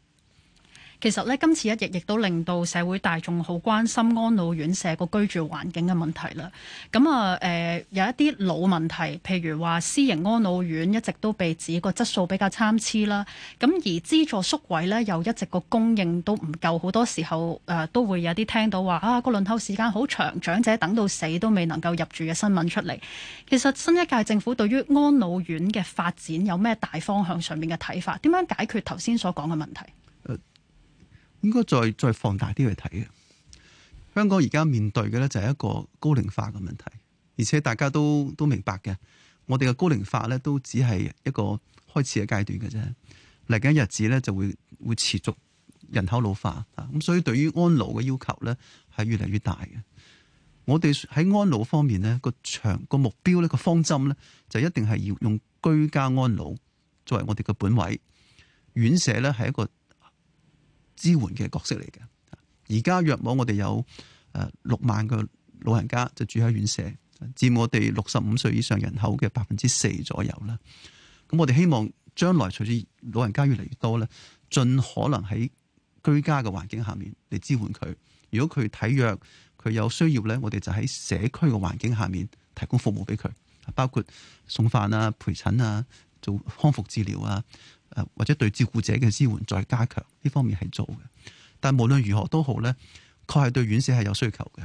其實咧，今次一役亦都令到社會大眾好關心安老院成個居住環境嘅問題啦。咁啊、呃，有一啲老問題，譬如話，私營安老院一直都被指個質素比較參差啦。咁而資助宿位咧，又一直個供應都唔夠，好多時候、呃、都會有啲聽到話啊個輪候時間好長，長者等到死都未能夠入住嘅新聞出嚟。其實新一屆政府對於安老院嘅發展有咩大方向上面嘅睇法？點樣解決頭先所講嘅問題？應該再再放大啲去睇嘅，香港而家面對嘅咧就係一個高齡化嘅問題，而且大家都都明白嘅，我哋嘅高齡化咧都只係一個開始嘅階段嘅啫，嚟緊日子咧就會會持續人口老化啊，咁所以對於安老嘅要求咧係越嚟越大嘅。我哋喺安老方面咧個長個目標咧個方針咧就一定係要用居家安老作為我哋嘅本位，院舍咧係一個。支援嘅角色嚟嘅，而家若果我哋有誒六萬個老人家就住喺院舍，佔我哋六十五歲以上人口嘅百分之四左右啦。咁我哋希望將來隨住老人家越嚟越多咧，盡可能喺居家嘅環境下面嚟支援佢。如果佢體弱，佢有需要咧，我哋就喺社區嘅環境下面提供服務俾佢，包括送飯啊、陪診啊、做康復治療啊。誒或者對照顧者嘅支援再加強，呢方面係做嘅。但無論如何都好咧，確係對院舍係有需求嘅。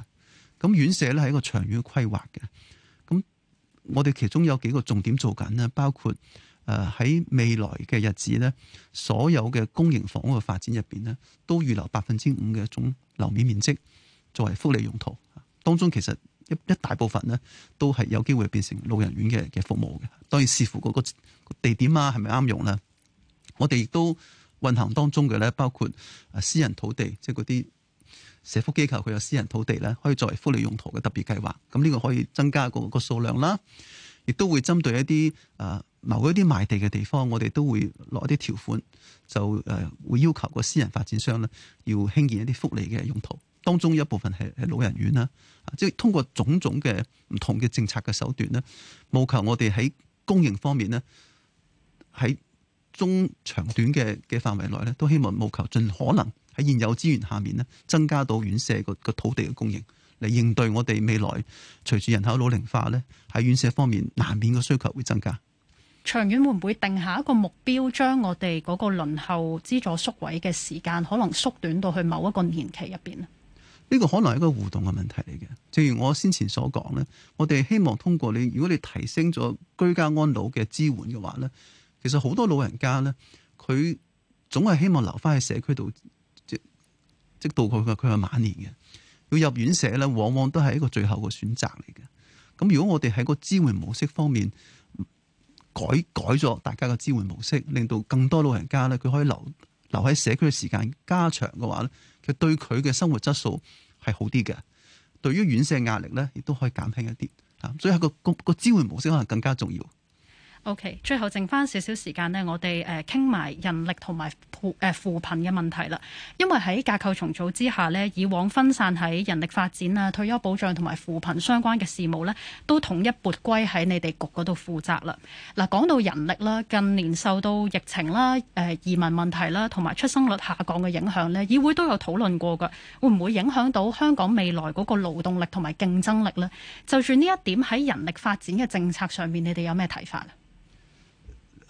咁院舍咧係一個長遠規劃嘅。咁、嗯、我哋其中有幾個重點做緊咧，包括誒喺未來嘅日子咧，所有嘅公營房屋嘅發展入邊咧，都預留百分之五嘅總樓面面積作為福利用途。當中其實一一大部分咧都係有機會變成老人院嘅嘅服務嘅。當然視乎嗰個地點啊，係咪啱用咧。我哋亦都運行當中嘅咧，包括私人土地，即係嗰啲社福機構佢有私人土地咧，可以作為福利用途嘅特別計劃。咁呢個可以增加個個數量啦，亦都會針對一啲啊，某一啲賣地嘅地方，我哋都會落一啲條款，就誒會要求個私人發展商咧要興建一啲福利嘅用途。當中一部分係係老人院啦，即係通過種種嘅唔同嘅政策嘅手段咧，務求我哋喺供應方面咧喺。在中長短嘅嘅範圍內咧，都希望務求盡可能喺現有資源下面咧，增加到院舍個土地嘅供應嚟應對我哋未來隨住人口老齡化咧，喺院舍方面難免嘅需求會增加。長遠會唔會定下一個目標，將我哋嗰個輪候資助縮位嘅時間可能縮短到去某一個年期入邊咧？呢、呢個可能係一個互動嘅問題嚟嘅。正如我先前所講咧，我哋希望通過你，如果你提升咗居家安老嘅支援嘅話咧。其實好多老人家咧，佢總係希望留翻喺社區度，即即度過佢佢嘅晚年嘅。要入院舍咧，往往都係一個最後嘅選擇嚟嘅。咁如果我哋喺個支援模式方面改改咗，大家嘅支援模式，令到更多老人家咧，佢可以留留喺社區嘅時間加長嘅話咧，其實對佢嘅生活質素係好啲嘅。對於院舍壓力咧，亦都可以減輕一啲啊。所以喺個個個支援模式可能更加重要。O.K. 最後剩翻少少時間呢，我哋誒傾埋人力同埋誒扶貧嘅問題啦。因為喺架構重組之下呢，以往分散喺人力發展啊、退休保障同埋扶貧相關嘅事務呢，都統一撥歸喺你哋局嗰度負責啦。嗱，講到人力啦，近年受到疫情啦、誒移民問題啦同埋出生率下降嘅影響呢，議會都有討論過㗎，會唔會影響到香港未來嗰個勞動力同埋競爭力呢？就算呢一點喺人力發展嘅政策上面，你哋有咩睇法咧？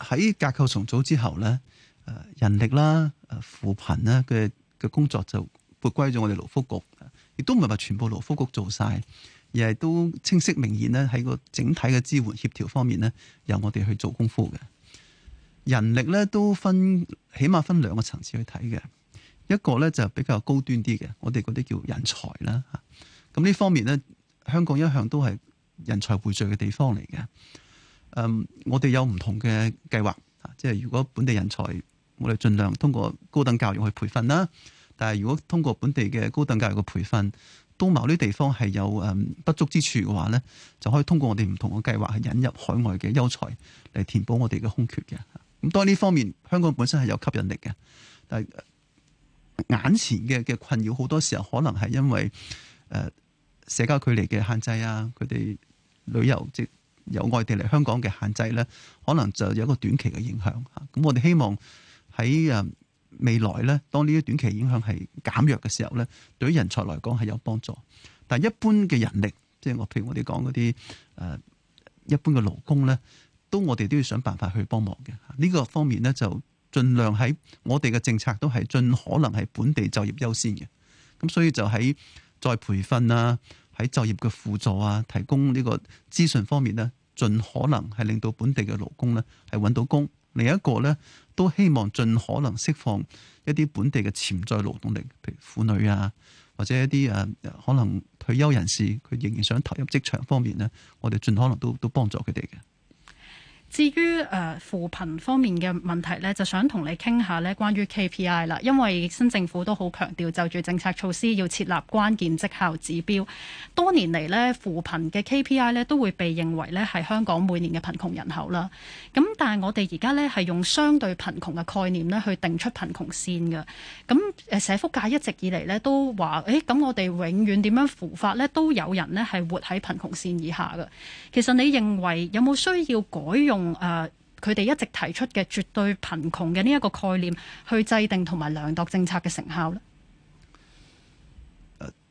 喺架構重組之後咧，誒，人力啦，誒，扶貧啦嘅嘅工作就撥歸咗我哋勞福局，亦都唔係話全部勞福局做晒，而係都清晰明顯咧喺個整體嘅支援協調方面咧，由我哋去做功夫嘅。人力咧都分起碼分兩個層次去睇嘅，一個咧就比較高端啲嘅，我哋嗰啲叫人才啦吓，咁呢方面咧，香港一向都係人才匯聚嘅地方嚟嘅。嗯，我哋有唔同嘅計劃，啊，即係如果本地人才，我哋盡量通過高等教育去培訓啦。但係如果通過本地嘅高等教育嘅培訓，都某啲地方係有誒，不足之處嘅話咧，就可以通過我哋唔同嘅計劃去引入海外嘅優才嚟填補我哋嘅空缺嘅。咁當然呢方面，香港本身係有吸引力嘅，但係眼前嘅嘅困擾好多時候可能係因為誒社交距離嘅限制啊，佢哋旅遊即。有外地嚟香港嘅限制咧，可能就有一個短期嘅影響。咁我哋希望喺誒未來咧，當呢啲短期影響係減弱嘅時候咧，對於人才嚟講係有幫助。但係一般嘅人力，即係我譬如我哋講嗰啲誒一般嘅勞工咧，都我哋都要想辦法去幫忙嘅。呢個方面咧，就盡量喺我哋嘅政策都係盡可能係本地就業優先嘅。咁所以就喺再培訓啦。喺就業嘅輔助啊，提供呢個資訊方面咧，盡可能係令到本地嘅勞工咧係揾到工。另一個咧，都希望盡可能釋放一啲本地嘅潛在勞動力，譬如婦女啊，或者一啲、啊、可能退休人士，佢仍然想投入職場方面咧，我哋盡可能都都幫助佢哋嘅。至於誒扶貧方面嘅問題咧，就想同你傾下咧，關於 KPI 啦，因為新政府都好強調就住政策措施要設立關鍵績效指標。多年嚟咧，扶貧嘅 KPI 咧都會被認為咧係香港每年嘅貧窮人口啦。咁但係我哋而家咧係用相對貧窮嘅概念咧去定出貧窮線嘅。咁誒社福界一直以嚟咧都話，誒、哎、咁我哋永遠點樣扶法咧都有人咧係活喺貧窮線以下嘅。其實你認為有冇需要改用？誒，佢哋一直提出嘅，絕對貧窮嘅呢一個概念去制定同埋量度政策嘅成效咧。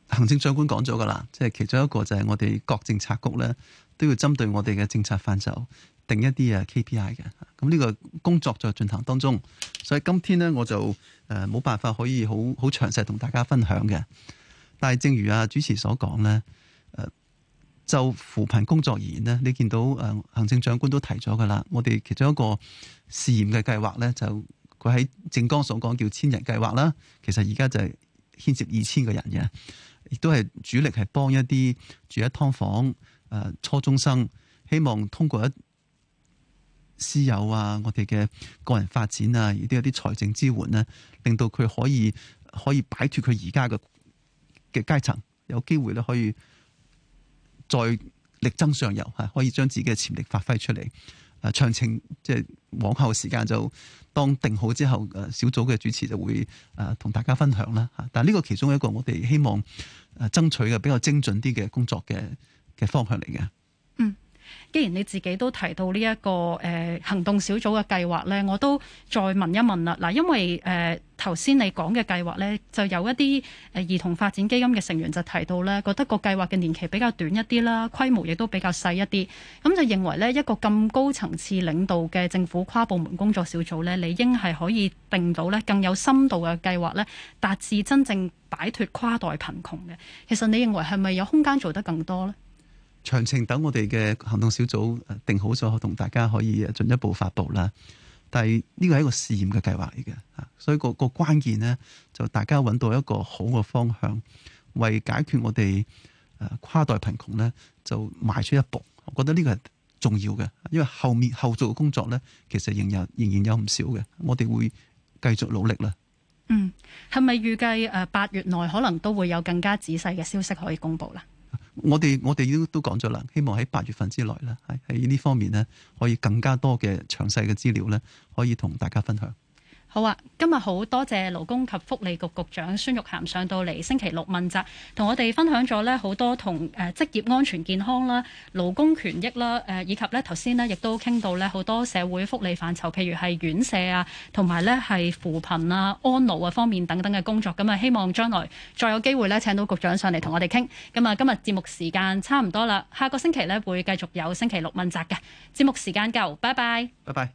行政長官講咗噶啦，即係其中一個就係我哋各政策局咧都要針對我哋嘅政策範疇定一啲嘅 KPI 嘅，咁呢個工作就進行當中，所以今天呢，我就誒冇辦法可以好好詳細同大家分享嘅。但係正如啊主持所講咧，誒。就扶貧工作而言咧，你見到誒行政長官都提咗噶啦，我哋其中一個試驗嘅計劃咧，就佢喺政綱所講叫千人計劃啦。其實而家就係牽涉二千個人嘅，亦都係主力係幫一啲住一劏房誒初中生，希望通過一師友啊，我哋嘅個人發展啊，亦都有啲財政支援呢、啊，令到佢可以可以擺脫佢而家嘅嘅階層，有機會咧可以。可以再力爭上游，嚇可以將自己嘅潛力發揮出嚟。誒，詳情即係往後時間就當定好之後，誒小組嘅主持就會誒同大家分享啦。嚇，但係呢個其中一個我哋希望誒爭取嘅比較精準啲嘅工作嘅嘅方向嚟嘅。既然你自己都提到呢，這一個誒、呃、行動小組嘅計劃咧，我都再問一問啦。嗱，因為誒頭先你講嘅計劃咧，就有一啲誒兒童發展基金嘅成員就提到咧，覺得個計劃嘅年期比較短一啲啦，規模亦都比較細一啲。咁就認為咧，一個咁高層次領導嘅政府跨部門工作小組咧，理應係可以定到咧更有深度嘅計劃咧，達至真正擺脫跨代貧窮嘅。其實你認為係咪有空間做得更多咧？詳情等我哋嘅行動小組定好咗，同大家可以進一步發佈啦。但係呢個係一個試驗嘅計劃嚟嘅，所以個個關鍵咧就大家揾到一個好嘅方向，為解決我哋誒跨代貧窮咧，就邁出一步。我覺得呢個係重要嘅，因為後面後續嘅工作咧，其實仍有仍然有唔少嘅，我哋會繼續努力啦。嗯，係咪預計誒八月內可能都會有更加仔細嘅消息可以公佈啦？我哋我哋都都講咗啦，希望喺八月份之內咧，喺呢方面咧，可以更加多嘅詳細嘅資料咧，可以同大家分享。好啊！今日好多謝勞工及福利局局長孫玉菡上到嚟星期六問責，同我哋分享咗呢好多同誒職業安全健康啦、勞工權益啦、誒以及呢頭先呢亦都傾到呢好多社會福利範疇，譬如係院舍啊，同埋呢係扶貧啊、安老啊方面等等嘅工作。咁啊，希望將來再有機會呢，請到局長上嚟同我哋傾。咁啊，今日節目時間差唔多啦，下個星期呢會繼續有星期六問責嘅節目時間夠，拜拜，拜拜。